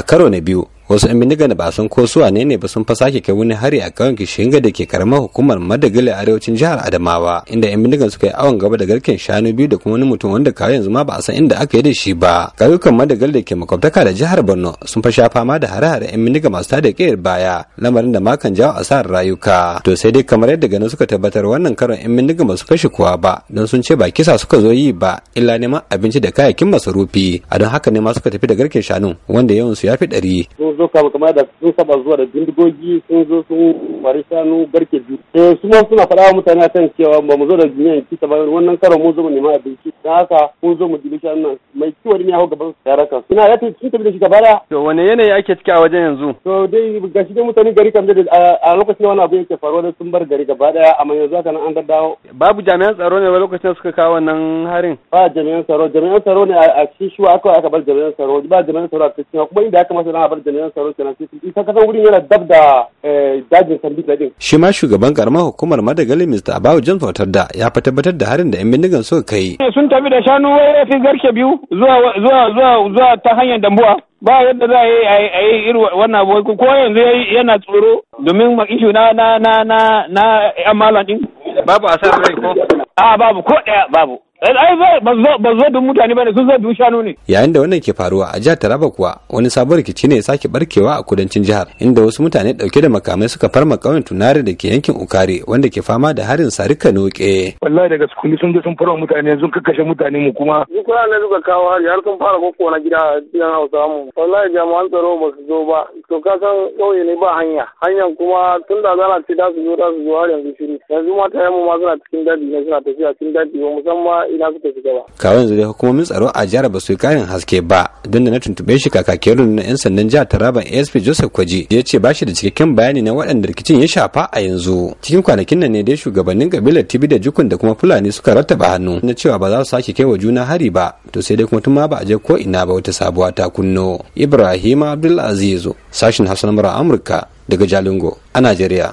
a karo na biyu wasu yan bindigar ba sun ko suwa ne ne ba sun fa sake kai wani hari a ƙauyen kishinga da ke karamar hukumar madagali arewacin jihar adamawa inda yan bindigan suka yi awon gaba da garken shanu biyu da kuma wani mutum wanda kawai yanzu ma ba a san inda aka yi da shi ba ƙauyukan madagali da ke makwabtaka da jihar borno sun fa sha fama da hare-hare yan bindiga masu tada kiyar baya lamarin da ma kan jawo asarar rayuka to sai dai kamar yadda ganin suka tabbatar wannan karon yan bindiga ba su kashe kowa ba don sun ce ba kisa suka zo yi ba illa neman abinci da kayayyakin masarufi a don haka ne ma suka tafi da garken shanu wanda yawansu ya fi ɗari zo kama kama da sun saba zuwa da bindigogi sun zo sun fari shanu garke biyu. Eh, su ma suna faɗa wa mutane kan cewa ba mu zo da duniya kisa ba wannan karon mu zo mu nema abinci da haka mun zo mu dubi shanun nan mai kiwo ne ya hau gaban ya ina suna ya sun tafi da shi gaba da to wane yanayi ake ciki a wajen yanzu to dai ga shi dai mutane gari kam da a lokacin wani abu yake faruwa da sun bar gari gaba daya amma yanzu haka nan an ga dawo babu jami'an tsaro ne ba lokacin da suka kawo wannan harin ba jami'an tsaro jami'an tsaro ne a cikin shi aka aka bar jami'an tsaro ba jami'an tsaro a cikin kuma inda ya kamata na bar jami'an tsaro kenan sai ka kasan wurin yana dab da Eh, dajin sambisa din. Shi ma shugaban karamar hukumar Madagali Mr. Abawu John Fautarda ya fa tabbatar da harin da 'yan bindigan suka kai. Sun tafi da shanu wai fi garke biyu zuwa zuwa zuwa zuwa ta hanyar dambuwa. Ba yadda za a yi iri wannan abu ko yanzu yana tsoro domin makishu na na na na na amalan din. Babu asarar rai ko? A babu ko ɗaya babu. Eh, ba zo mutane ba ne sun shanu ne. Yayin da wannan ke faruwa a jihar Taraba kuwa wani sabon rikici ne ya sake barkewa a kudancin jihar inda wasu mutane dauke da makamai suka farma kauyen Tunare da ke yankin Ukare wanda ke fama da harin Sarika Noke. Wallahi daga sukuni sun je sun farma mutane sun kakkashe mutane mu kuma. Ni kuma ne suka kawo hari har sun fara kokko na gida gidan Hausa mu. Wallahi jami'an tsaro ba su zo ba to ka san ƙauye ne ba hanya hanyar kuma tun da zana ce da su zo da su zo har yanzu shiru yanzu mata yamma ma suna cikin daji ne suna tafiya cikin daji ba musamman ina suka shiga ba. kawai yanzu dai hukumomin tsaro a jihar ba su yi karin haske ba don da na tuntuɓe shi kakakin rundunar 'yan sandan jihar taraban asp joseph kwaji ya ce ba shi da cikakken bayani na waɗanda rikicin ya shafa a yanzu cikin kwanakin nan ne dai shugabannin kabilar tibi da jukun da kuma fulani suka rattaba hannu na cewa ba za su sake kai wa juna hari ba to sai dai kuma tun ma ba a je ko ina ba wata sabuwa ta kunno ibrahim abdulaziz sashin hassan mura amurka daga jalingo a najeriya